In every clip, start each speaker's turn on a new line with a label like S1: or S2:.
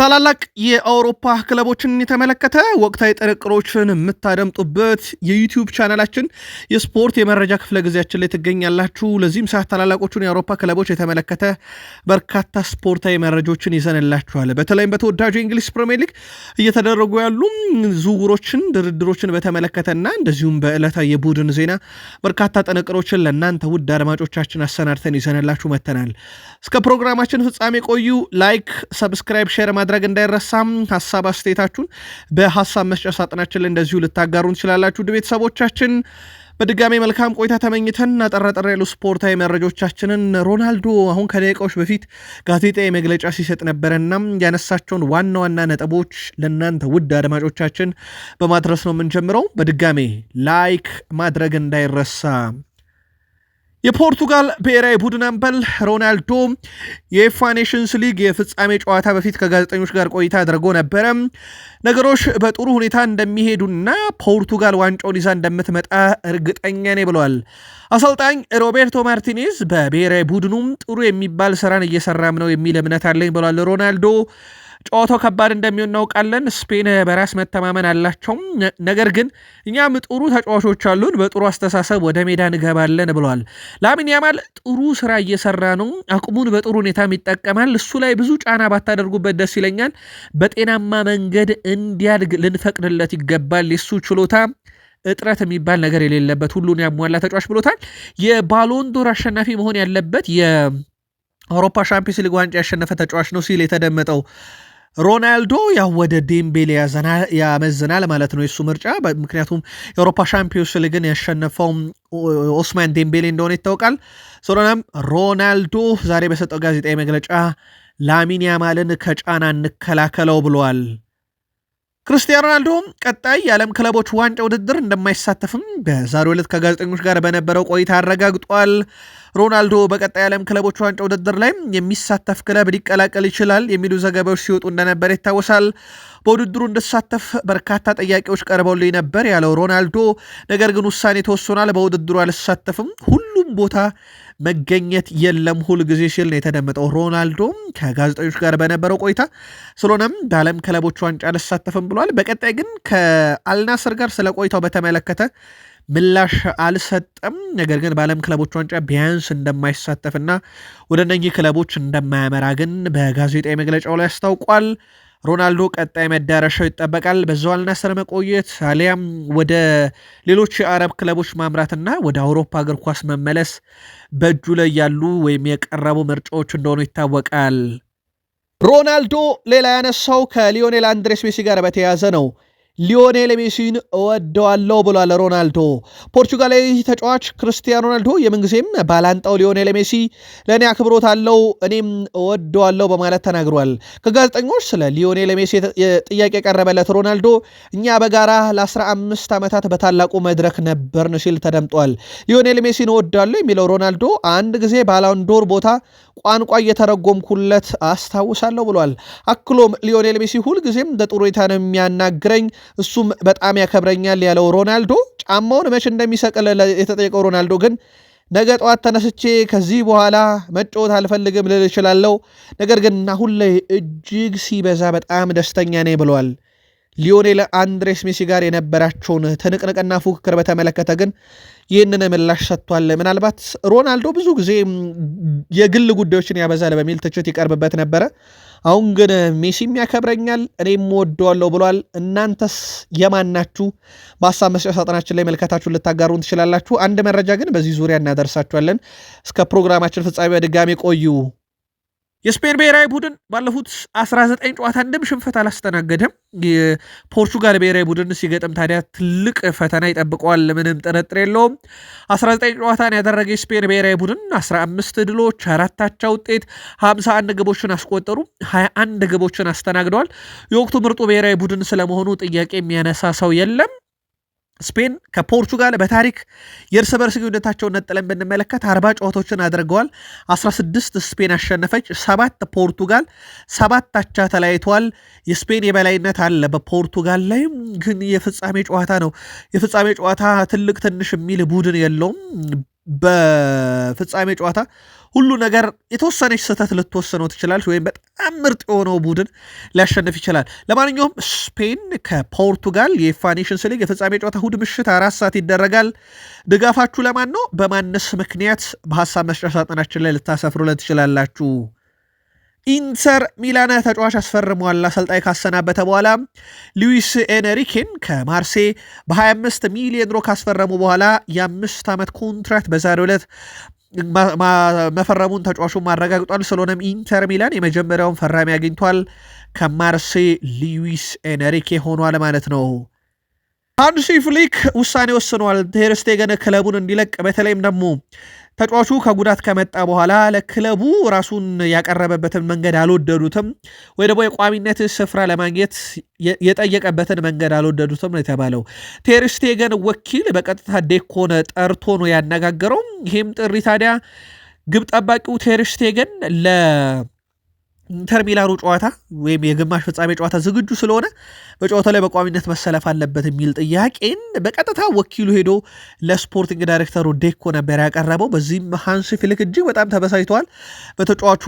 S1: ታላላቅ የአውሮፓ ክለቦችን የተመለከተ ወቅታዊ ጥንቅሮችን የምታደምጡበት የዩቲዩብ ቻናላችን የስፖርት የመረጃ ክፍለ ጊዜያችን ላይ ትገኛላችሁ። ለዚህም ሰዓት ታላላቆቹን የአውሮፓ ክለቦች የተመለከተ በርካታ ስፖርታዊ መረጃዎችን ይዘንላችኋል። በተለይም በተወዳጁ የእንግሊዝ ፕሪሚየር ሊግ እየተደረጉ ያሉ ዝውውሮችን፣ ድርድሮችን በተመለከተና እንደዚሁም በዕለታዊ የቡድን ዜና በርካታ ጥንቅሮችን ለእናንተ ውድ አድማጮቻችን አሰናድተን ይዘንላችሁ መተናል። እስከ ፕሮግራማችን ፍጻሜ ቆዩ። ላይክ፣ ሰብስክራይብ፣ ሼር ማድረግ ማድረግ እንዳይረሳም። ሀሳብ አስተያየታችሁን በሀሳብ መስጫ ሳጥናችን ላይ እንደዚሁ ልታጋሩን ትችላላችሁ። ውድ ቤተሰቦቻችን በድጋሜ መልካም ቆይታ ተመኝተን አጠራጠር ያሉ ስፖርታዊ መረጃዎቻችንን ሮናልዶ አሁን ከደቂቃዎች በፊት ጋዜጣዊ መግለጫ ሲሰጥ ነበረና ያነሳቸውን ዋና ዋና ነጥቦች ለእናንተ ውድ አድማጮቻችን በማድረስ ነው የምንጀምረው። በድጋሜ ላይክ ማድረግ እንዳይረሳ። የፖርቱጋል ብሔራዊ ቡድን አምበል ሮናልዶ የኤፋ ኔሽንስ ሊግ የፍጻሜ ጨዋታ በፊት ከጋዜጠኞች ጋር ቆይታ አድርጎ ነበረ። ነገሮች በጥሩ ሁኔታ እንደሚሄዱና ፖርቱጋል ዋንጫውን ይዛ እንደምትመጣ እርግጠኛ ነኝ ብለዋል። አሰልጣኝ ሮቤርቶ ማርቲኔዝ በብሔራዊ ቡድኑም ጥሩ የሚባል ስራን እየሰራም ነው የሚል እምነት አለኝ ብሏል ሮናልዶ ጨዋታው ከባድ እንደሚሆን እናውቃለን። ስፔን በራስ መተማመን አላቸውም። ነገር ግን እኛም ጥሩ ተጫዋቾች አሉን፣ በጥሩ አስተሳሰብ ወደ ሜዳ እንገባለን ብለዋል። ላሚን ያማል ጥሩ ስራ እየሰራ ነው። አቅሙን በጥሩ ሁኔታም ይጠቀማል። እሱ ላይ ብዙ ጫና ባታደርጉበት ደስ ይለኛል። በጤናማ መንገድ እንዲያድግ ልንፈቅድለት ይገባል። የሱ ችሎታ እጥረት የሚባል ነገር የሌለበት ሁሉን ያሟላ ተጫዋች ብሎታል። የባሎንዶር አሸናፊ መሆን ያለበት የአውሮፓ ሻምፒዮንስ ሊግ ዋንጫ ያሸነፈ ተጫዋች ነው ሲል የተደመጠው ሮናልዶ ያው ወደ ዴምቤሌ ያመዝናል ማለት ነው የሱ ምርጫ። ምክንያቱም የአውሮፓ ሻምፒዮንስ ሊግን ያሸነፈው ኦስማን ዴምቤሌ እንደሆነ ይታወቃል። ስለሆነም ሮናልዶ ዛሬ በሰጠው ጋዜጣዊ መግለጫ ላሚን ያማልን ከጫና እንከላከለው ብለዋል። ክርስቲያኖ ሮናልዶ ቀጣይ የዓለም ክለቦች ዋንጫ ውድድር እንደማይሳተፍም በዛሬው ዕለት ከጋዜጠኞች ጋር በነበረው ቆይታ አረጋግጧል። ሮናልዶ በቀጣይ የዓለም ክለቦች ዋንጫ ውድድር ላይ የሚሳተፍ ክለብ ሊቀላቀል ይችላል የሚሉ ዘገባዎች ሲወጡ እንደነበር ይታወሳል። በውድድሩ እንድሳተፍ በርካታ ጥያቄዎች ቀርበውልኝ ነበር ያለው ሮናልዶ ነገር ግን ውሳኔ ተወስኗል፣ በውድድሩ አልሳተፍም ሁሉ ቦታ መገኘት የለም ሁል ጊዜ ሲል ነው የተደመጠው ሮናልዶም ከጋዜጠኞች ጋር በነበረው ቆይታ። ስለሆነም በዓለም ክለቦች ዋንጫ አልሳተፍም ብሏል። በቀጣይ ግን ከአልናስር ጋር ስለ ቆይታው በተመለከተ ምላሽ አልሰጠም። ነገር ግን በዓለም ክለቦች ዋንጫ ቢያንስ እንደማይሳተፍና ወደ እነኚህ ክለቦች እንደማያመራ ግን በጋዜጣዊ መግለጫው ላይ አስታውቋል። ሮናልዶ ቀጣይ መዳረሻው ይጠበቃል። በዛው አልናስር መቆየት አሊያም ወደ ሌሎች የአረብ ክለቦች ማምራትና ወደ አውሮፓ እግር ኳስ መመለስ በእጁ ላይ ያሉ ወይም የቀረቡ ምርጫዎች እንደሆኑ ይታወቃል። ሮናልዶ ሌላ ያነሳው ከሊዮኔል አንድሬስ ሜሲ ጋር በተያያዘ ነው። ሊዮኔል ሜሲን እወደዋለሁ ብሏል ሮናልዶ። ፖርቹጋላዊ ተጫዋች ክርስቲያን ሮናልዶ የምንጊዜም ባላንጣው ሊዮኔል ሜሲ ለእኔ አክብሮት አለው፣ እኔም እወደዋለሁ በማለት ተናግሯል። ከጋዜጠኞች ስለ ሊዮኔል ሜሲ ጥያቄ የቀረበለት ሮናልዶ እኛ በጋራ ለ15 ዓመታት በታላቁ መድረክ ነበርን ሲል ተደምጧል። ሊዮኔል ሜሲን እወደዋለሁ የሚለው ሮናልዶ አንድ ጊዜ ባላንዶር ቦታ ቋንቋ እየተረጎምኩለት አስታውሳለሁ ብሏል። አክሎም ሊዮኔል ሜሲ ሁልጊዜም በጥሩይታ ነው የሚያናግረኝ፣ እሱም በጣም ያከብረኛል ያለው ሮናልዶ ጫማውን መቼ እንደሚሰቅል የተጠየቀው ሮናልዶ ግን ነገ ጠዋት ተነስቼ ከዚህ በኋላ መጫወት አልፈልግም ልል እችላለሁ፣ ነገር ግን አሁን ላይ እጅግ ሲበዛ በጣም ደስተኛ ነኝ ብለዋል። ሊዮኔል አንድሬስ ሜሲ ጋር የነበራቸውን ትንቅንቅና ፉክክር በተመለከተ ግን ይህንን ምላሽ ሰጥቷል። ምናልባት ሮናልዶ ብዙ ጊዜ የግል ጉዳዮችን ያበዛል በሚል ትችት ይቀርብበት ነበረ። አሁን ግን ሜሲም ያከብረኛል፣ እኔም ወደዋለሁ ብሏል። እናንተስ የማናችሁ? በሀሳብ መስጫ ሳጥናችን ላይ መልከታችሁን ልታጋሩን ትችላላችሁ። አንድ መረጃ ግን በዚህ ዙሪያ እናደርሳችኋለን። እስከ ፕሮግራማችን ፍጻሜ በድጋሚ ቆዩ። የስፔን ብሔራዊ ቡድን ባለፉት 19 ጨዋታ አንድም ሽንፈት አላስተናገደም። የፖርቹጋል ብሔራዊ ቡድን ሲገጥም ታዲያ ትልቅ ፈተና ይጠብቀዋል፣ ምንም ጥርጥር የለውም። 19 ጨዋታን ያደረገ የስፔን ብሔራዊ ቡድን 15 ድሎች፣ አራታቻ ውጤት፣ 51 ግቦችን አስቆጠሩ፣ 21 ግቦችን አስተናግደዋል። የወቅቱ ምርጡ ብሔራዊ ቡድን ስለመሆኑ ጥያቄ የሚያነሳ ሰው የለም። ስፔን ከፖርቹጋል በታሪክ የእርስ በርስ ግንኙነታቸውን ነጥለን ብንመለከት አርባ ጨዋታዎችን አድርገዋል። 16 ስፔን አሸነፈች፣ ሰባት ፖርቱጋል፣ ሰባት አቻ ተለያይተዋል። የስፔን የበላይነት አለ በፖርቱጋል ላይም ግን የፍጻሜ ጨዋታ ነው። የፍጻሜ ጨዋታ ትልቅ ትንሽ የሚል ቡድን የለውም። በፍጻሜ ጨዋታ ሁሉ ነገር የተወሰነች ስህተት ልትወሰነው ትችላለች፣ ወይም በጣም ምርጥ የሆነው ቡድን ሊያሸንፍ ይችላል። ለማንኛውም ስፔን ከፖርቱጋል የኤፋ ኔሽንስ ሊግ የፍጻሜ ጨዋታ እሁድ ምሽት አራት ሰዓት ይደረጋል። ድጋፋችሁ ለማን ነው? በማንስ ምክንያት በሀሳብ መስጫ ሳጥናችን ላይ ልታሰፍሩለን ትችላላችሁ። ኢንተር ሚላን ተጫዋች አስፈርሟል። አሰልጣኝ ካሰናበተ በኋላ ሉዊስ ኤነሪኬን ከማርሴ በ25 ሚሊዮን ሮ ካስፈረሙ በኋላ የአምስት ዓመት ኮንትራክት በዛሬው ዕለት መፈረሙን ተጫዋቹም አረጋግጧል። ስለሆነም ኢንተር ሚላን የመጀመሪያውን ፈራሚ አግኝቷል። ከማርሴ ሊዊስ ኤነሪኬ ሆኗል ማለት ነው። ሃንሲ ፍሊክ ውሳኔ ወስኗል። ቴርስቴገን ክለቡን እንዲለቅ በተለይም ደግሞ ተጫዋቹ ከጉዳት ከመጣ በኋላ ለክለቡ ራሱን ያቀረበበትን መንገድ አልወደዱትም፣ ወይ ደግሞ የቋሚነት ስፍራ ለማግኘት የጠየቀበትን መንገድ አልወደዱትም ነው የተባለው። ቴርስቴገን ወኪል በቀጥታ ዴኮነ ጠርቶ ነው ያነጋገረው። ይህም ጥሪ ታዲያ ግብ ጠባቂው ቴርስቴገን ለ ኢንተር ሚላኑ ጨዋታ ወይም የግማሽ ፍጻሜ ጨዋታ ዝግጁ ስለሆነ በጨዋታው ላይ በቋሚነት መሰለፍ አለበት የሚል ጥያቄን በቀጥታ ወኪሉ ሄዶ ለስፖርቲንግ ዳይሬክተሩ ዴኮ ነበር ያቀረበው። በዚህም ሃንሲ ፊሊክ እጅግ በጣም ተበሳጭተዋል። በተጫዋቹ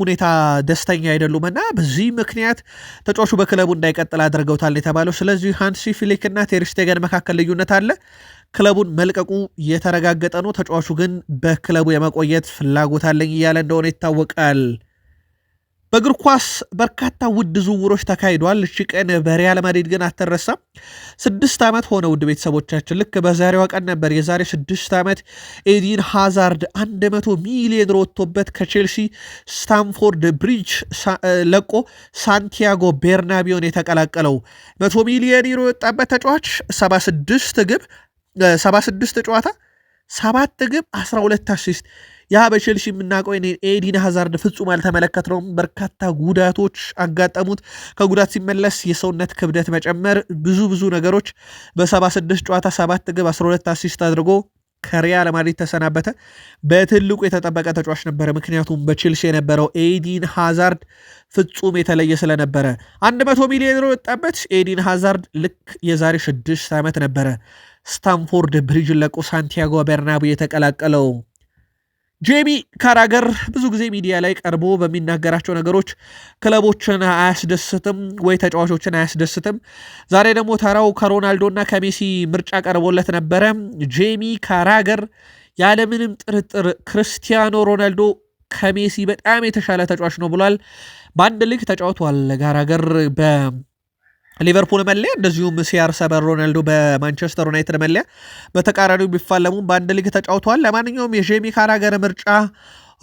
S1: ሁኔታ ደስተኛ አይደሉም እና በዚህ ምክንያት ተጫዋቹ በክለቡ እንዳይቀጥል አድርገውታል የተባለው። ስለዚህ ሃንሲ ፊሊክ እና ቴርሽቴገን መካከል ልዩነት አለ። ክለቡን መልቀቁ የተረጋገጠ ነው። ተጫዋቹ ግን በክለቡ የመቆየት ፍላጎት አለኝ እያለ እንደሆነ ይታወቃል። በእግር ኳስ በርካታ ውድ ዝውውሮች ተካሂደዋል። እቺ ቀን በሪያል ማድሪድ ግን አትረሳም። ስድስት ዓመት ሆነ ውድ ቤተሰቦቻችን፣ ልክ በዛሬዋ ቀን ነበር የዛሬ ስድስት ዓመት ኤዲን ሃዛርድ 100 ሚሊዮን ወጥቶበት ከቼልሲ ስታምፎርድ ብሪጅ ለቆ ሳንቲያጎ ቤርናቢዮን የተቀላቀለው 100 ሚሊዮን ዩሮ የወጣበት ተጫዋች 76 ግብ 76 ጨዋታ 7 ግብ 12 አሲስት የሀበሽ ልሽ የምናውቀው ኤዲን ሀዛርድ ፍጹም አልተመለከትነውም። በርካታ ጉዳቶች አጋጠሙት። ከጉዳት ሲመለስ የሰውነት ክብደት መጨመር፣ ብዙ ብዙ ነገሮች በ76 ጨዋታ 7 ግብ 12 አሲስት አድርጎ ከሪያል ማድሪድ ተሰናበተ። በትልቁ የተጠበቀ ተጫዋች ነበረ። ምክንያቱም በቼልሲ የነበረው ኤዲን ሃዛርድ ፍጹም የተለየ ስለነበረ 100 ሚሊዮን ዩሮ የወጣበት ኤዲን ሃዛርድ ልክ የዛሬ 6 ዓመት ነበረ ስታንፎርድ ብሪጅን ለቆ ሳንቲያጎ በርናቡ የተቀላቀለው። ጄሚ ካራገር ብዙ ጊዜ ሚዲያ ላይ ቀርቦ በሚናገራቸው ነገሮች ክለቦችን አያስደስትም ወይ ተጫዋቾችን አያስደስትም። ዛሬ ደግሞ ተራው ከሮናልዶና ከሜሲ ምርጫ ቀርቦለት ነበረ። ጄሚ ካራገር ያለምንም ጥርጥር ክርስቲያኖ ሮናልዶ ከሜሲ በጣም የተሻለ ተጫዋች ነው ብሏል። በአንድ ሊግ ተጫውቷል። ጋራገር ሊቨርፑል መለያ እንደዚሁም ሲአር ሮናልዶ በማንቸስተር ዩናይትድ መለያ በተቃራኒው ቢፋለሙም በአንድ ሊግ ተጫውተዋል። ለማንኛውም የጄሚ ካራገር ምርጫ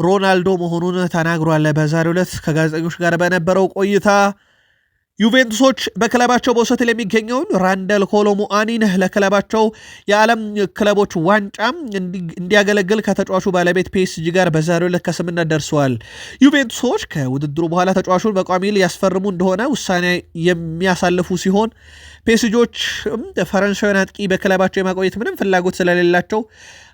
S1: ሮናልዶ መሆኑን ተናግሯል። በዛሬው ዕለት ከጋዜጠኞች ጋር በነበረው ቆይታ ዩቬንቱሶች በክለባቸው በውሰት የሚገኘውን ራንደል ኮሎሙአኒን ለክለባቸው የዓለም ክለቦች ዋንጫ እንዲያገለግል ከተጫዋቹ ባለቤት ፒኤስጂ ጋር በዛሬው ዕለት ከስምነት ደርሰዋል። ዩቬንቱሶች ከውድድሩ በኋላ ተጫዋቹን በቋሚ ሊያስፈርሙ እንደሆነ ውሳኔ የሚያሳልፉ ሲሆን ፒኤስጂዎችም ፈረንሳዊን አጥቂ በክለባቸው የማቆየት ምንም ፍላጎት ስለሌላቸው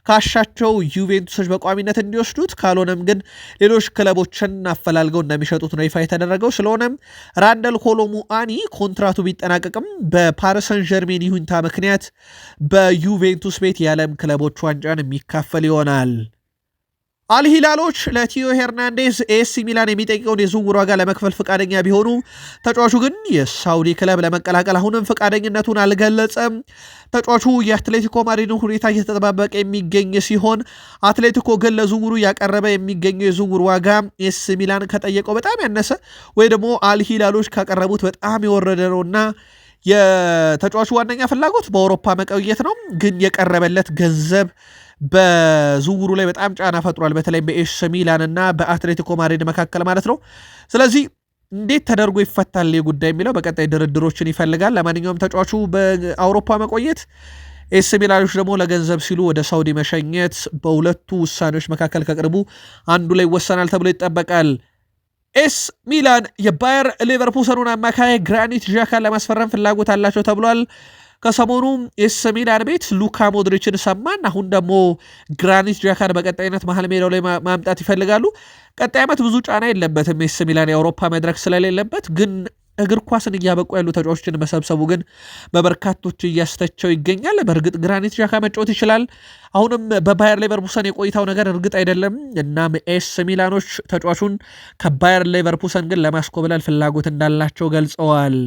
S1: ካሻቸው ዩቬንቱሶች በቋሚነት እንዲወስዱት ካልሆነም ግን ሌሎች ክለቦችን አፈላልገው እንደሚሸጡት ነው ይፋ የተደረገው። ስለሆነም ራንደል አኒ ኮንትራቱ ቢጠናቀቅም በፓሪሰን ጀርሜን ይሁንታ ምክንያት በዩቬንቱስ ቤት የዓለም ክለቦች ዋንጫን የሚካፈል ይሆናል። አልሂላሎች ለቲዮ ሄርናንዴዝ ኤሲ ሚላን የሚጠይቀውን የዝውውር ዋጋ ለመክፈል ፈቃደኛ ቢሆኑ ተጫዋቹ ግን የሳውዲ ክለብ ለመቀላቀል አሁንም ፈቃደኝነቱን አልገለጸም። ተጫዋቹ የአትሌቲኮ ማድሪድን ሁኔታ እየተጠባበቀ የሚገኝ ሲሆን አትሌቲኮ ግን ለዝውውሩ እያቀረበ የሚገኘው የዝውውር ዋጋ ኤሲ ሚላን ከጠየቀው በጣም ያነሰ ወይ ደግሞ አልሂላሎች ካቀረቡት በጣም የወረደ ነውና የተጫዋቹ ዋነኛ ፍላጎት በአውሮፓ መቆየት ነው። ግን የቀረበለት ገንዘብ በዝውውሩ ላይ በጣም ጫና ፈጥሯል። በተለይ በኤሽ ሚላን እና በአትሌቲኮ ማድሪድ መካከል ማለት ነው። ስለዚህ እንዴት ተደርጎ ይፈታል ይህ ጉዳይ የሚለው በቀጣይ ድርድሮችን ይፈልጋል። ለማንኛውም ተጫዋቹ በአውሮፓ መቆየት ኤስ ሚላኖች ደግሞ ለገንዘብ ሲሉ ወደ ሳውዲ መሸኘት በሁለቱ ውሳኔዎች መካከል ከቅርቡ አንዱ ላይ ይወሰናል ተብሎ ይጠበቃል። ኤስ ሚላን የባየር ሌቨርኩሰኑን አማካይ ግራኒት ዣካን ለማስፈረም ፍላጎት አላቸው ተብሏል። ከሰሞኑ የሰሜን ቤት ሉካ ሞድሪችን ሰማን። አሁን ደግሞ ግራኒት ጃካን በቀጣይነት መሀል ሜዳው ላይ ማምጣት ይፈልጋሉ። ቀጣይ ዓመት ብዙ ጫና የለበትም ኤሲ ሚላን የአውሮፓ መድረክ ስለሌለበት ግን እግር ኳስን እያበቁ ያሉ ተጫዋቾችን መሰብሰቡ ግን በበርካቶች እያስተቸው ይገኛል። በእርግጥ ግራኒት ዣካ መጫወት ይችላል። አሁንም በባየር ሌቨርፑሰን የቆይታው ነገር እርግጥ አይደለም። እናም ኤስ ሚላኖች ተጫዋቹን ከባየር ሌቨርፑሰን ግን ለማስኮብለል ፍላጎት እንዳላቸው ገልጸዋል።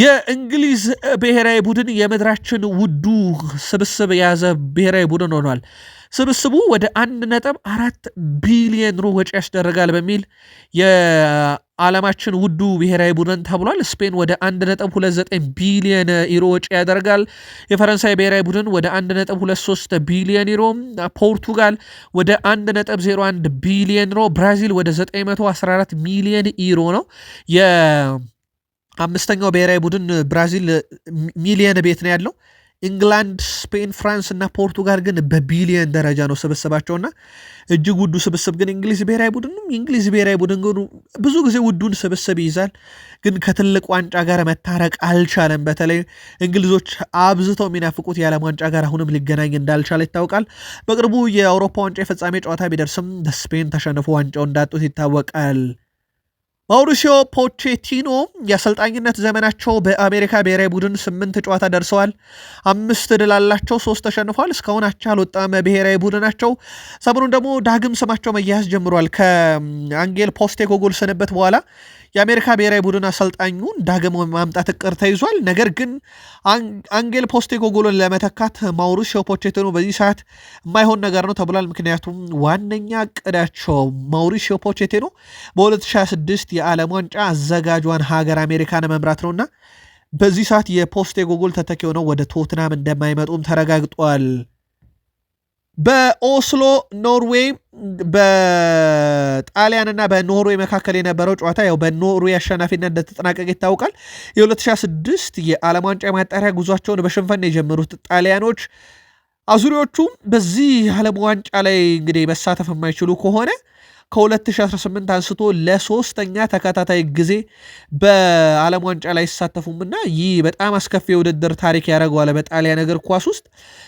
S1: የእንግሊዝ ብሔራዊ ቡድን የምድራችን ውዱ ስብስብ የያዘ ብሔራዊ ቡድን ሆኗል። ስብስቡ ወደ አንድ ነጥብ አራት ቢሊየን ሮ ወጪ ያስደርጋል በሚል የዓለማችን ውዱ ብሔራዊ ቡድን ተብሏል። ስፔን ወደ አንድ ነጥብ ሁለት ዘጠኝ ቢሊየን ዩሮ ወጪ ያደርጋል። የፈረንሳይ ብሔራዊ ቡድን ወደ አንድ ነጥብ ሁለት ሶስት ቢሊየን ዩሮ፣ ፖርቱጋል ወደ አንድ ነጥብ ዜሮ አንድ ቢሊየን ብራዚል ወደ ዘጠኝ መቶ አስራ አራት ሚሊየን ዩሮ ነው። አምስተኛው ብሔራዊ ቡድን ብራዚል ሚሊየን ቤት ነው ያለው። ኢንግላንድ፣ ስፔን፣ ፍራንስ እና ፖርቱጋል ግን በቢሊየን ደረጃ ነው ስብስባቸውና እጅግ ውዱ ስብስብ ግን እንግሊዝ ብሔራዊ ቡድን እንግሊዝ ብሔራዊ ቡድን ግን ብዙ ጊዜ ውዱን ስብስብ ይይዛል፣ ግን ከትልቅ ዋንጫ ጋር መታረቅ አልቻለም። በተለይ እንግሊዞች አብዝተው የሚናፍቁት የዓለም ዋንጫ ጋር አሁንም ሊገናኝ እንዳልቻለ ይታወቃል። በቅርቡ የአውሮፓ ዋንጫ የፍጻሜ ጨዋታ ቢደርስም ስፔን ተሸንፎ ዋንጫው እንዳጡት ይታወቃል። ማውሪሲዮ ፖቼቲኖ የአሰልጣኝነት ዘመናቸው በአሜሪካ ብሔራዊ ቡድን ስምንት ጨዋታ ደርሰዋል። አምስት ድል አላቸው፣ ሶስት ተሸንፏል። እስካሁን አቻ አልወጣም ብሔራዊ ቡድናቸው። ሰሞኑን ደግሞ ዳግም ስማቸው መያያዝ ጀምሯል። ከአንጌል ፖስቴኮግሉ ስንብት በኋላ የአሜሪካ ብሔራዊ ቡድን አሰልጣኙን ዳግም ማምጣት እቅድ ተይዟል። ነገር ግን አንጌል ፖስቴኮግሉን ለመተካት ማውሪሲዮ ፖቼቲኖ በዚህ ሰዓት የማይሆን ነገር ነው ተብሏል። ምክንያቱም ዋነኛ እቅዳቸው ማውሪሲዮ ፖቼቲኖ በ2026 የዓለም ዋንጫ አዘጋጇን ሀገር አሜሪካን መምራት ነውና በዚህ ሰዓት ጎጎል ተተኪ ሆነው ወደ ቶትናም እንደማይመጡም ተረጋግጧል። በኦስሎ ኖርዌይ በጣሊያንና በኖርዌይ መካከል የነበረው ጨዋታ ያው በኖርዌይ አሸናፊነት እንደተጠናቀቀ ይታወቃል። የ2026 የዓለም ዋንጫ ማጣሪያ ጉዟቸውን በሽንፈን የጀመሩት ጣሊያኖች። አዙሪዎቹም በዚህ ዓለም ዋንጫ ላይ እንግዲህ መሳተፍ የማይችሉ ከሆነ ከ2018 አንስቶ ለሶስተኛ ተከታታይ ጊዜ በዓለም ዋንጫ ላይ አይሳተፉምና ይህ በጣም አስከፊ የውድድር ታሪክ ያደርገዋል በጣሊያን እግር ኳስ ውስጥ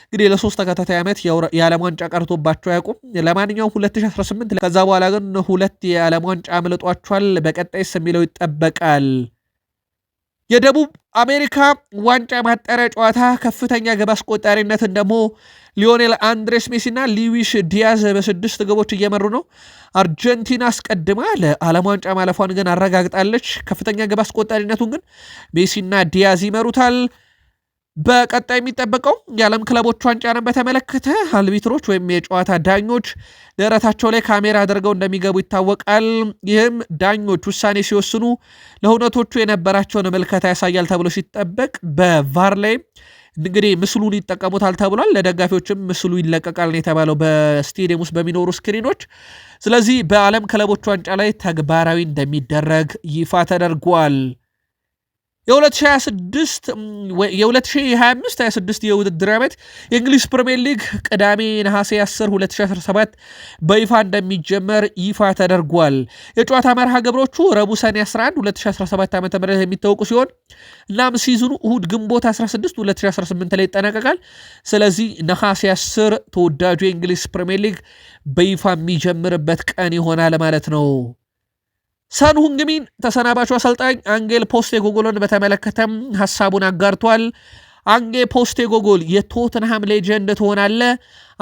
S1: እንግዲህ ለሶስት ተከታታይ ዓመት የዓለም ዋንጫ ቀርቶባቸው አያውቁም። ለማንኛውም 2018 ከዛ በኋላ ግን ሁለት የዓለም ዋንጫ አምልጧቸዋል። በቀጣይ የሚለው ይጠበቃል። የደቡብ አሜሪካ ዋንጫ ማጣሪያ ጨዋታ ከፍተኛ ግብ አስቆጣሪነትን ደግሞ ሊዮኔል አንድሬስ ሜሲና ሊዊሽ ዲያዝ በስድስት ግቦች እየመሩ ነው። አርጀንቲና አስቀድማ ለዓለም ዋንጫ ማለፏን ግን አረጋግጣለች። ከፍተኛ ግብ አስቆጣሪነቱን ግን ሜሲና ዲያዝ ይመሩታል። በቀጣይ የሚጠበቀው የዓለም ክለቦች ዋንጫንም በተመለከተ አልቢትሮች ወይም የጨዋታ ዳኞች ደረታቸው ላይ ካሜራ አድርገው እንደሚገቡ ይታወቃል። ይህም ዳኞች ውሳኔ ሲወስኑ ለሁነቶቹ የነበራቸውን ምልከታ ያሳያል ተብሎ ሲጠበቅ በቫር ላይ እንግዲህ ምስሉን ይጠቀሙታል ተብሏል። ለደጋፊዎችም ምስሉ ይለቀቃል ነው የተባለው በስቴዲየም ውስጥ በሚኖሩ ስክሪኖች። ስለዚህ በዓለም ክለቦች ዋንጫ ላይ ተግባራዊ እንደሚደረግ ይፋ ተደርጓል። የ 2026 26 የውድድር ዓመት የእንግሊዝ ፕሪምየር ሊግ ቅዳሜ ነሐሴ 10 2017 በይፋ እንደሚጀመር ይፋ ተደርጓል። የጨዋታ መርሃ ግብሮቹ ረቡዕ ሰኔ 11 2017 ዓ ም የሚታወቁ ሲሆን እናም ሲዝኑ እሁድ ግንቦት 16 2018 ላይ ይጠናቀቃል። ስለዚህ ነሐሴ 10 ተወዳጁ የእንግሊዝ ፕሪምየር ሊግ በይፋ የሚጀምርበት ቀን ይሆናል ማለት ነው። ሳንሁንግሚን ተሰናባቹ አሰልጣኝ አንጌል ፖስቴ ጎጎሎን በተመለከተም ሀሳቡን አጋርቷል። አንጌ ፖስቴ ጎጎል የቶትንሃም ሌጀንድ ትሆናለ፣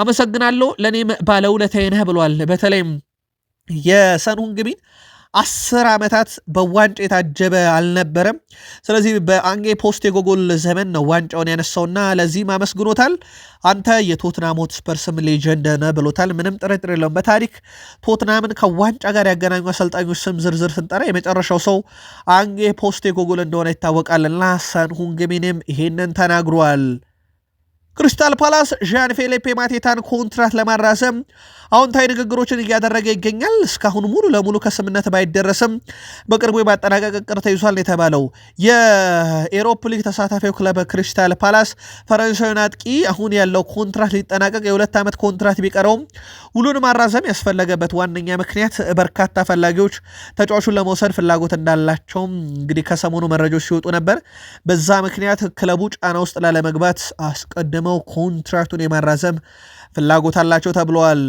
S1: አመሰግናለሁ፣ ለእኔም ባለውለታዬ ነህ ብሏል። በተለይም የሳንሁንግሚን አስር ዓመታት በዋንጫ የታጀበ አልነበረም። ስለዚህ በአንጌ ፖስቴኮግሉ ዘመን ነው ዋንጫውን ያነሳውና ለዚህም አመስግኖታል። አንተ የቶትናም ሆትስፐርስም ሌጀንድ ነህ ብሎታል። ምንም ጥርጥር የለውም። በታሪክ ቶትናምን ከዋንጫ ጋር ያገናኙ አሰልጣኞች ስም ዝርዝር ስንጠራ የመጨረሻው ሰው አንጌ ፖስቴኮግሉ እንደሆነ ይታወቃልና ሰን ሁንግሚንም ይሄንን ተናግሯል። ክሪስታል ፓላስ ዣን ፌሌፔ ማቴታን ኮንትራት ለማራዘም አዎንታዊ ንግግሮችን እያደረገ ይገኛል። እስካሁን ሙሉ ለሙሉ ከስምነት ባይደረስም በቅርቡ የማጠናቀቅ እቅድ ተይዟል የተባለው የኤሮፕ ሊግ ተሳታፊው ክለብ ክሪስታል ፓላስ ፈረንሳዊን አጥቂ አሁን ያለው ኮንትራት ሊጠናቀቅ የሁለት ዓመት ኮንትራት ቢቀረውም ውሉን ማራዘም ያስፈለገበት ዋነኛ ምክንያት በርካታ ፈላጊዎች ተጫዋቹን ለመውሰድ ፍላጎት እንዳላቸውም እንግዲህ ከሰሞኑ መረጃዎች ሲወጡ ነበር። በዛ ምክንያት ክለቡ ጫና ውስጥ ላለመግባት አስቀድመው ፈርመው ኮንትራክቱን የማራዘም ፍላጎት አላቸው ተብለዋል።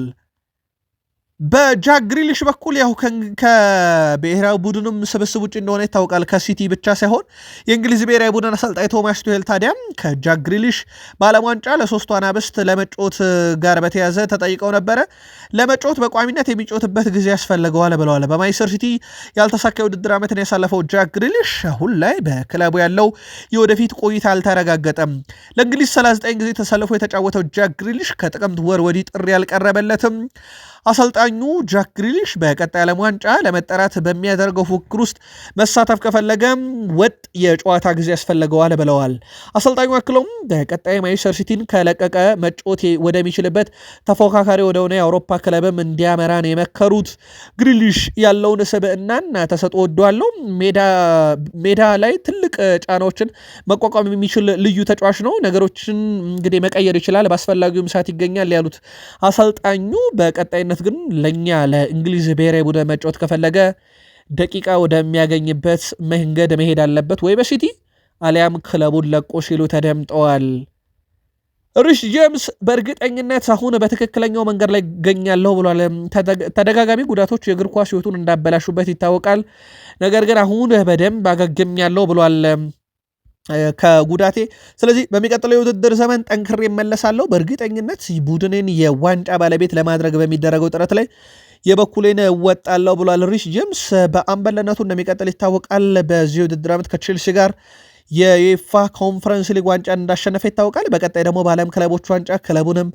S1: በጃክ ግሪሊሽ በኩል ያው ከብሔራዊ ቡድንም ስብስብ ውጭ እንደሆነ ይታወቃል። ከሲቲ ብቻ ሳይሆን የእንግሊዝ ብሔራዊ ቡድን አሰልጣኝ ቶማስ ቱሄል ታዲያም ከጃክ ግሪሊሽ በዓለም ዋንጫ ለሶስቱ አናብስት ለመጮት ጋር በተያዘ ተጠይቀው ነበረ። ለመጮት በቋሚነት የሚጮትበት ጊዜ ያስፈልገዋል ብለዋል። በማንቸስተር ሲቲ ያልተሳካ ውድድር ዓመትን ያሳለፈው ጃክ ግሪሊሽ አሁን ላይ በክለቡ ያለው የወደፊት ቆይታ አልተረጋገጠም። ለእንግሊዝ 39 ጊዜ ተሰልፎ የተጫወተው ጃክ ግሪሊሽ ከጥቅምት ወር ወዲህ ጥሪ አልቀረበለትም አሰልጣኙ ጃክ ግሪሊሽ በቀጣይ ዓለም ዋንጫ ለመጠራት በሚያደርገው ፉክክር ውስጥ መሳተፍ ከፈለገ ወጥ የጨዋታ ጊዜ ያስፈለገዋል ብለዋል። አሰልጣኙ አክለውም በቀጣይ ማንቸስተር ሲቲን ከለቀቀ መጮቴ ወደሚችልበት ተፎካካሪ ወደሆነ የአውሮፓ ክለብም እንዲያመራን የመከሩት። ግሪሊሽ ያለውን ስብዕናና ተሰጥኦ ወዷለው። ሜዳ ላይ ትልቅ ጫናዎችን መቋቋም የሚችል ልዩ ተጫዋች ነው። ነገሮችን እንግዲህ መቀየር ይችላል፣ በአስፈላጊውም ሰዓት ይገኛል ያሉት አሰልጣኙ በቀጣይነት ምናልባት ግን ለእኛ ለእንግሊዝ ብሔራዊ ቡድን መጫወት ከፈለገ ደቂቃ ወደሚያገኝበት መንገድ መሄድ አለበት ወይ በሲቲ አሊያም ክለቡን ለቆ ሲሉ ተደምጠዋል። ሪሽ ጄምስ በእርግጠኝነት አሁን በትክክለኛው መንገድ ላይ ይገኛለሁ ብሏል። ተደጋጋሚ ጉዳቶች የእግር ኳስ ህይወቱን እንዳበላሹበት ይታወቃል። ነገር ግን አሁን በደንብ አገግም ያለው ብሏል። ከጉዳቴ ስለዚህ በሚቀጥለው የውድድር ዘመን ጠንክሬ እመለሳለሁ። በእርግጠኝነት ቡድንን የዋንጫ ባለቤት ለማድረግ በሚደረገው ጥረት ላይ የበኩሌን እወጣለሁ ብሏል። ሪሽ ጄምስ በአምበልነቱ እንደሚቀጥል ይታወቃል። በዚህ ውድድር ዓመት ከቼልሲ ጋር የዩኤፋ ኮንፈረንስ ሊግ ዋንጫ እንዳሸነፈ ይታወቃል። በቀጣይ ደግሞ በዓለም ክለቦች ዋንጫ ክለቡንም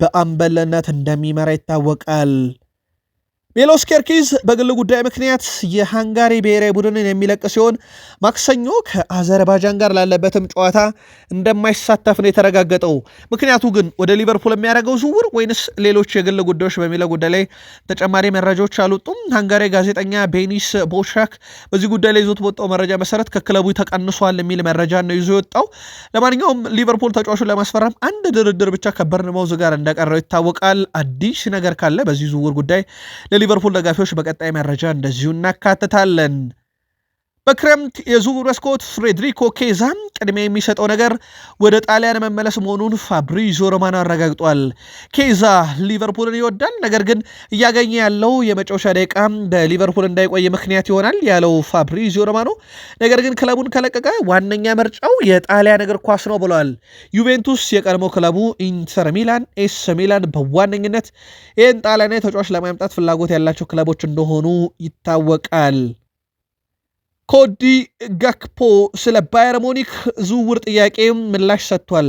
S1: በአምበልነት እንደሚመራ ይታወቃል። ሜሎስ ኬርኪዝ በግል ጉዳይ ምክንያት የሃንጋሪ ብሔራዊ ቡድንን የሚለቅ ሲሆን ማክሰኞ ከአዘርባይጃን ጋር ላለበትም ጨዋታ እንደማይሳተፍ ነው የተረጋገጠው። ምክንያቱ ግን ወደ ሊቨርፑል የሚያደርገው ዝውውር ወይንስ ሌሎች የግል ጉዳዮች በሚለው ጉዳይ ላይ ተጨማሪ መረጃዎች አልወጡም። ሃንጋሪ ጋዜጠኛ ቤኒስ ቦሻክ በዚህ ጉዳይ ላይ ይዞት በወጣው መረጃ መሰረት ከክለቡ ተቀንሷል የሚል መረጃ ነው ይዞ የወጣው። ለማንኛውም ሊቨርፑል ተጫዋቹን ለማስፈረም አንድ ድርድር ብቻ ከበርንማውዝ ጋር እንደቀረው ይታወቃል። አዲስ ነገር ካለ በዚህ ዝውውር ጉዳይ ለሊቨርፑል ደጋፊዎች በቀጣይ መረጃ እንደዚሁ እናካትታለን። በክረምት የዝውውር መስኮት ፍሬድሪኮ ኬዛም ቅድሚያ የሚሰጠው ነገር ወደ ጣሊያን መመለስ መሆኑን ፋብሪዞ ሮማኖ አረጋግጧል። ኬዛ ሊቨርፑልን ይወዳል፣ ነገር ግን እያገኘ ያለው የመጨረሻ ደቂቃ በሊቨርፑል እንዳይቆይ ምክንያት ይሆናል ያለው ፋብሪዞ ሮማኖ፣ ነገር ግን ክለቡን ከለቀቀ ዋነኛ ምርጫው የጣሊያን እግር ኳስ ነው ብለዋል። ዩቬንቱስ፣ የቀድሞ ክለቡ ኢንተር ሚላን፣ ኤስ ሚላን በዋነኝነት ይህን ጣሊያናዊ ተጫዋች ለማምጣት ፍላጎት ያላቸው ክለቦች እንደሆኑ ይታወቃል። ኮዲ ጋክፖ ስለ ባየር ሙኒክ ዝውውር ጥያቄ ምላሽ ሰጥቷል።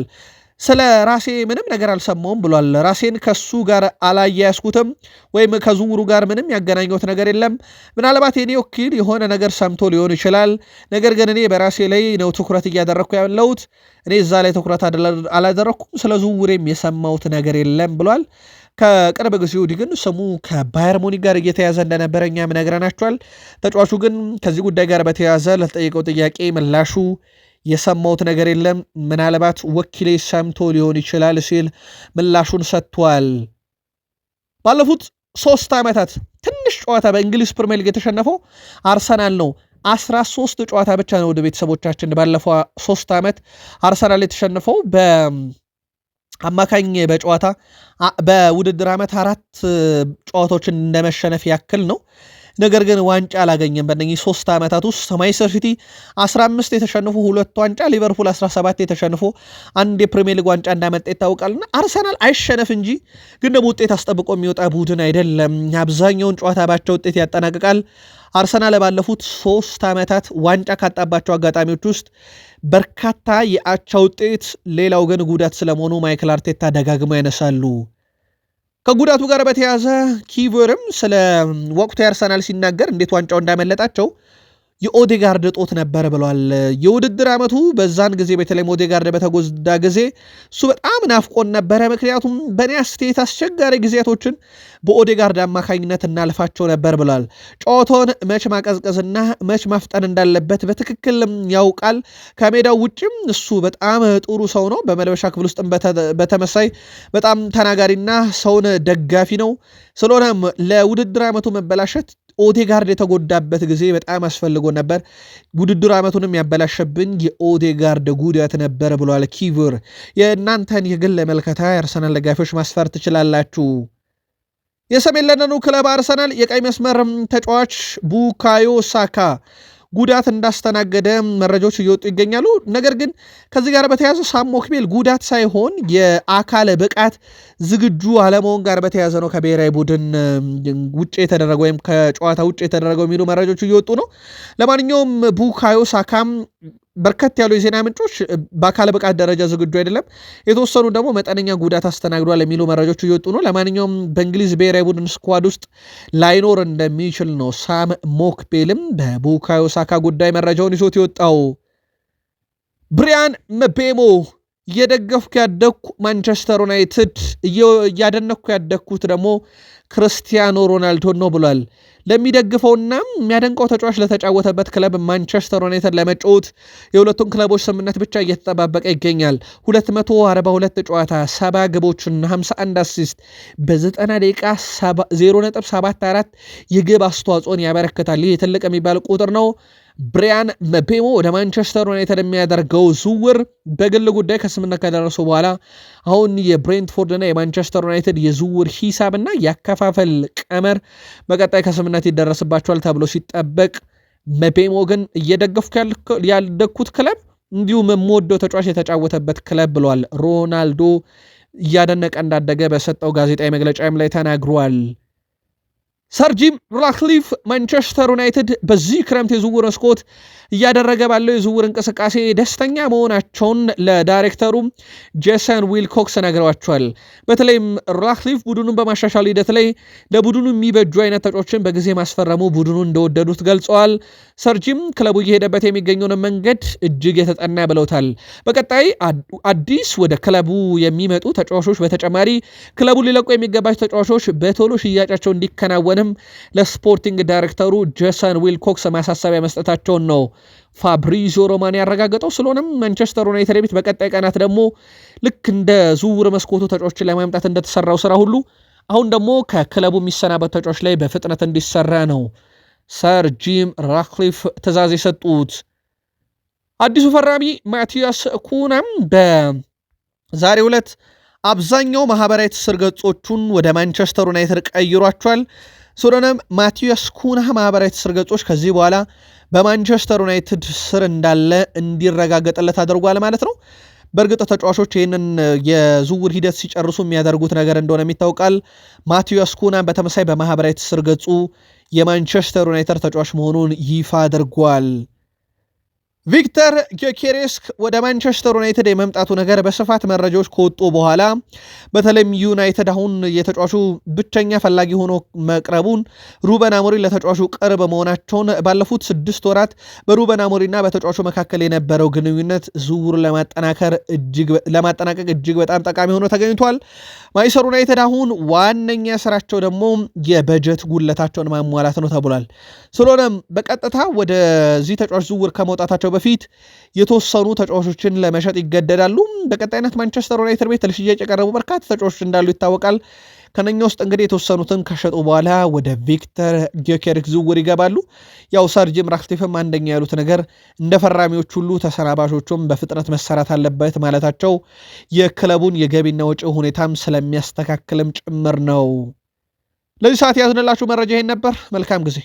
S1: ስለ ራሴ ምንም ነገር አልሰማውም ብሏል። ራሴን ከሱ ጋር አላያያዝኩትም ወይም ከዝውውሩ ጋር ምንም ያገናኘሁት ነገር የለም። ምናልባት የኔ ወኪል የሆነ ነገር ሰምቶ ሊሆን ይችላል። ነገር ግን እኔ በራሴ ላይ ነው ትኩረት እያደረግኩ ያለሁት። እኔ እዛ ላይ ትኩረት አላደረግኩም። ስለ ዝውውሬም የሰማሁት ነገር የለም ብሏል። ከቅርብ ጊዜ ወዲህ ግን ስሙ ከባየር ሙኒክ ጋር እየተያዘ እንደነበረ እኛም ነግረናችኋል። ተጫዋቹ ግን ከዚህ ጉዳይ ጋር በተያያዘ ለተጠየቀው ጥያቄ ምላሹ የሰማሁት ነገር የለም፣ ምናልባት ወኪሌ ሰምቶ ሊሆን ይችላል ሲል ምላሹን ሰጥቷል። ባለፉት ሶስት ዓመታት ትንሽ ጨዋታ በእንግሊዝ ፕሪሚየር ሊግ የተሸነፈው አርሰናል ነው። አስራ ሶስት ጨዋታ ብቻ ነው ወደ ቤተሰቦቻችን ባለፈው ሶስት ዓመት አርሰናል የተሸነፈው በ አማካኝ በጨዋታ በውድድር ዓመት አራት ጨዋታዎችን እንደመሸነፍ ያክል ነው። ነገር ግን ዋንጫ አላገኘም። በእነኚህ ሶስት ዓመታት ውስጥ ማንቸስተር ሲቲ 15 የተሸንፉ ሁለት ዋንጫ፣ ሊቨርፑል 17 የተሸንፎ አንድ የፕሪሚየር ሊግ ዋንጫ እንዳመጣ ይታወቃልና አርሰናል አይሸነፍ እንጂ ግን ደግሞ ውጤት አስጠብቆ የሚወጣ ቡድን አይደለም። አብዛኛውን ጨዋታ ባቸው ውጤት ያጠናቅቃል። አርሰናል ባለፉት ሶስት ዓመታት ዋንጫ ካጣባቸው አጋጣሚዎች ውስጥ በርካታ የአቻ ውጤት፣ ሌላው ግን ጉዳት ስለመሆኑ ማይክል አርቴታ ደጋግመው ያነሳሉ። ከጉዳቱ ጋር በተያያዘ ኪቨርም ስለ ወቅቱ ያርሰናል ሲናገር እንዴት ዋንጫው እንዳመለጣቸው የኦዴጋርድ እጦት ነበር ብሏል። የውድድር ዓመቱ በዛን ጊዜ በተለይም ኦዴጋርድ በተጎዳ ጊዜ እሱ በጣም ናፍቆን ነበረ። ምክንያቱም በእኔ አስተያየት አስቸጋሪ ጊዜያቶችን በኦዴጋርድ አማካኝነት እናልፋቸው ነበር ብሏል። ጨዋታውን መች ማቀዝቀዝና መች ማፍጠን እንዳለበት በትክክል ያውቃል። ከሜዳው ውጭም እሱ በጣም ጥሩ ሰው ነው። በመልበሻ ክፍል ውስጥም በተመሳይ በጣም ተናጋሪና ሰውን ደጋፊ ነው። ስለሆነም ለውድድር ዓመቱ መበላሸት ኦዴጋርድ የተጎዳበት ጊዜ በጣም አስፈልጎ ነበር። ውድድር ዓመቱንም ያበላሸብኝ የኦዴጋርድ ጉዳት ነበር ብሏል ኪቡር። የእናንተን የግል መልከታ የአርሰናል ደጋፊዎች ማስፈር ትችላላችሁ። የሰሜን ለንደኑ ክለብ አርሰናል የቀይ መስመር ተጫዋች ቡካዮ ሳካ ጉዳት እንዳስተናገደ መረጃዎች እየወጡ ይገኛሉ። ነገር ግን ከዚህ ጋር በተያያዘ ሳም ሞክቤል ጉዳት ሳይሆን የአካለ ብቃት ዝግጁ አለመሆን ጋር በተያያዘ ነው ከብሔራዊ ቡድን ውጭ የተደረገ ወይም ከጨዋታ ውጭ የተደረገው የሚሉ መረጃዎች እየወጡ ነው። ለማንኛውም ቡካዮ ሳካም በርከት ያሉ የዜና ምንጮች በአካል ብቃት ደረጃ ዝግጁ አይደለም፣ የተወሰኑ ደግሞ መጠነኛ ጉዳት አስተናግዷል የሚሉ መረጃዎች እየወጡ ነው። ለማንኛውም በእንግሊዝ ብሔራዊ ቡድን ስኳድ ውስጥ ላይኖር እንደሚችል ነው ሳም ሞክቤልም በቡካዮ ሳካ ጉዳይ መረጃውን ይዞት የወጣው። ብሪያን መቤሞ እየደገፍኩ ያደግኩ ማንቸስተር ዩናይትድ እያደነኩ ያደግኩት ደግሞ ክርስቲያኖ ሮናልዶን ነው ብሏል። ለሚደግፈውና የሚያደንቀው ተጫዋች ለተጫወተበት ክለብ ማንቸስተር ዩናይትድ ለመጫወት የሁለቱን ክለቦች ስምምነት ብቻ እየተጠባበቀ ይገኛል። 242 ጨዋታ፣ 70 ግቦችና 51 አሲስት በ90 ደቂቃ 0.74 የግብ አስተዋጽኦን ያበረክታል። ይህ ትልቅ የሚባል ቁጥር ነው። ብሪያን መቤሞ ወደ ማንቸስተር ዩናይትድ የሚያደርገው ዝውውር በግል ጉዳይ ከስምነት ከደረሱ በኋላ አሁን የብሬንትፎርድና የማንቸስተር ዩናይትድ የዝውውር እና የአከፋፈል ቀመር በቀጣይ ከስምነት ይደረስባቸዋል ተብሎ ሲጠበቅ፣ መቤሞ ግን እየደገፉ ያልደግኩት ክለብ እንዲሁም የምወደው ተጫዋች የተጫወተበት ክለብ ብሏል። ሮናልዶ እያደነቀ እንዳደገ በሰጠው ጋዜጣዊ መግለጫም ላይ ተናግሯል። ሰር ጂም ራትክሊፍ ማንቸስተር ዩናይትድ በዚህ ክረምት የዝውውር መስኮት እያደረገ ባለው የዝውውር እንቅስቃሴ ደስተኛ መሆናቸውን ለዳይሬክተሩ ጄሰን ዊልኮክስ ነግረዋቸዋል። በተለይም ራክሊፍ ቡድኑን በማሻሻል ሂደት ላይ ለቡድኑ የሚበጁ አይነት ተጫዎችን በጊዜ ማስፈረሙ ቡድኑ እንደወደዱት ገልጸዋል። ሰርጂም ክለቡ እየሄደበት የሚገኘውን መንገድ እጅግ የተጠና ብለውታል። በቀጣይ አዲስ ወደ ክለቡ የሚመጡ ተጫዋቾች በተጨማሪ ክለቡ ሊለቁ የሚገባቸው ተጫዋቾች በቶሎ ሽያጫቸው እንዲከናወንም ለስፖርቲንግ ዳይሬክተሩ ጄሰን ዊልኮክስ ማሳሰቢያ መስጠታቸውን ነው ፋብሪዞ ሮማን ያረጋገጠው። ስለሆነም ማንቸስተር ዩናይትድ ቤት በቀጣይ ቀናት ደግሞ ልክ እንደ ዝውውር መስኮቱ ተጫዎችን ላይ ማምጣት እንደተሰራው ስራ ሁሉ አሁን ደግሞ ከክለቡ የሚሰናበት ተጫዎች ላይ በፍጥነት እንዲሰራ ነው ሰር ጂም ራክሊፍ ትእዛዝ የሰጡት። አዲሱ ፈራሚ ማቲያስ ኩናም በዛሬ ዕለት አብዛኛው ማህበራዊ ትስስር ገጾቹን ወደ ማንቸስተር ዩናይትድ ቀይሯቸዋል። ሱረንም ማቲያስ ኩና ማህበራዊ ትስስር ገጾች ከዚህ በኋላ በማንቸስተር ዩናይትድ ስር እንዳለ እንዲረጋገጥለት አድርጓል ማለት ነው። በእርግጥ ተጫዋቾች ይህንን የዝውውር ሂደት ሲጨርሱ የሚያደርጉት ነገር እንደሆነ ይታወቃል። ማቲያስ ኩና በተመሳይ በማህበራዊ ትስስር ገጹ የማንቸስተር ዩናይትድ ተጫዋች መሆኑን ይፋ አድርጓል። ቪክተር ጊዮኬሬስክ ወደ ማንቸስተር ዩናይትድ የመምጣቱ ነገር በስፋት መረጃዎች ከወጡ በኋላ በተለይም ዩናይትድ አሁን የተጫዋቹ ብቸኛ ፈላጊ ሆኖ መቅረቡን ሩበን አሞሪ ለተጫዋቹ ቅርብ መሆናቸውን ባለፉት ስድስት ወራት በሩበን አሞሪምና በተጫዋቹ መካከል የነበረው ግንኙነት ዝውውሩን ለማጠናቀቅ እጅግ በጣም ጠቃሚ ሆኖ ተገኝቷል። ማንቸስተር ዩናይትድ አሁን ዋነኛ ስራቸው ደግሞ የበጀት ጉለታቸውን ማሟላት ነው ተብሏል። ስለሆነም በቀጥታ ወደዚህ ተጫዋች ዝውውር ከመውጣታቸው ከመድረሳቸው በፊት የተወሰኑ ተጫዋቾችን ለመሸጥ ይገደዳሉ። በቀጣይነት ማንቸስተር ዩናይትድ ቤት ለሽያጭ የቀረቡ በርካታ ተጫዋቾች እንዳሉ ይታወቃል። ከነኛ ውስጥ እንግዲህ የተወሰኑትን ከሸጡ በኋላ ወደ ቪክተር ጊዮኬሪክ ዝውውር ይገባሉ። ያው ሰር ጂም ራትክሊፍም አንደኛ ያሉት ነገር እንደ ፈራሚዎች ሁሉ ተሰናባሾቹም በፍጥነት መሰራት አለበት ማለታቸው የክለቡን የገቢና ወጪ ሁኔታም ስለሚያስተካክልም ጭምር ነው። ለዚህ ሰዓት ያዝንላችሁ መረጃ ይሄን ነበር። መልካም ጊዜ